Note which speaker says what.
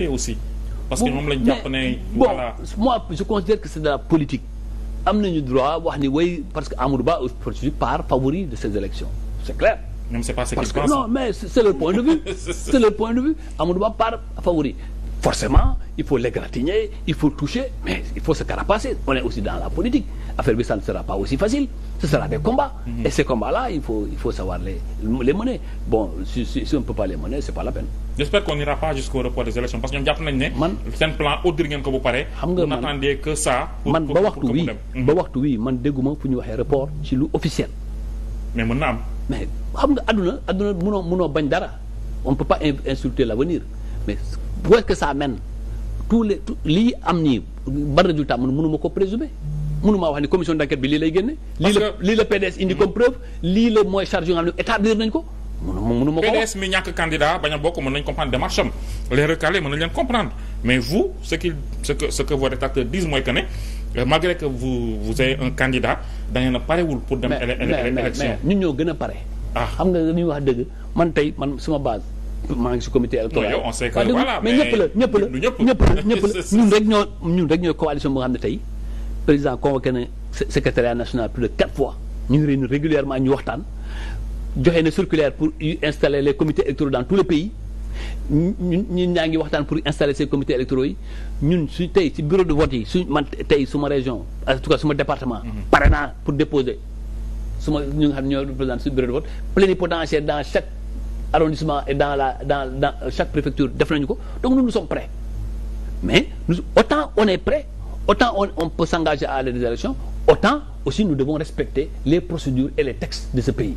Speaker 1: te aussi. parce que moom lañ jàpp ne. voilà bon moi je que c'est de la politique. am nañu droit wax ni way parce que Amadou Ba est poursuivi par de ces élections c'est clair. ñoom c'est le point de vue. c'est le point de forcément il faut l'égratigner il faut toucher mais il faut se carapacer on est aussi dans la politique affaire bi ça ne sera pas aussi facile ce sera des combats mhm. et ces combats là il faut savoir les les bon si on peut pas les mener c'est pas la peine
Speaker 2: j'espère qu'on n'ira pas jusqu'au report des élections parce que ñoom jàpp nañ man seen plan audit ngeen ko bu pare xam nga man n'attendez
Speaker 1: mhm. officiel mais mën na am mais xam nga adduna adduna mënoo mënoo bañ dara on ne peut pas insulter l'avenir où est-ce que ça mène tous les lii am nii ban résultat man mënu ma ko présumer mënu maa wax ni commission d'enquête bi lii lay génne. lii la lii la PDS indi comme mm-hmm. preuve lii la mooy charge yu nga xam ne établir
Speaker 2: nañ ko. mënu ma ko PDS mi ñàkk candidat bañ a bokk mën nañ comprendre démarche am les recalés mën nañ leen comprendre mais vous ce qui ce que ce que vos rédacteurs disent mooy que ne. Euh, malgré que vous
Speaker 1: vous avez un candidat da ngeen a parewul pour dem. élection mais mais ñun ñoo gën a pare. ah xam nga li ñuy wax dëgg man tey man suma base. maa ngi si comité électoral yow on sait que voilà mais ñëpp la ñëpp la ñëpp la ñëpp la ñun rek ñoo ñun rek ñooy xam ne tey président convoqué na secrétariat national plus de quatre fois ñu ngi régulièrement ñu waxtaan joxe na circulaire pour installer le comités électoraux dans tout le pays ñu ñun ñaa ngi waxtaan pour installer se comités électoraux yi ñun su tey ci bureau de vote yi su man tey suma région en tout cas suma département mhm. pare naa pour déposer suma ñu nga xam ne arrondissement et dans la dans dans euh, chaque préfecture def nañu ko donc nous nous sommes prêts mais nous autant on est prêt autant on, on peut s'engager à des élections autant aussi nous devons respecter les procédures et les textes de ce pays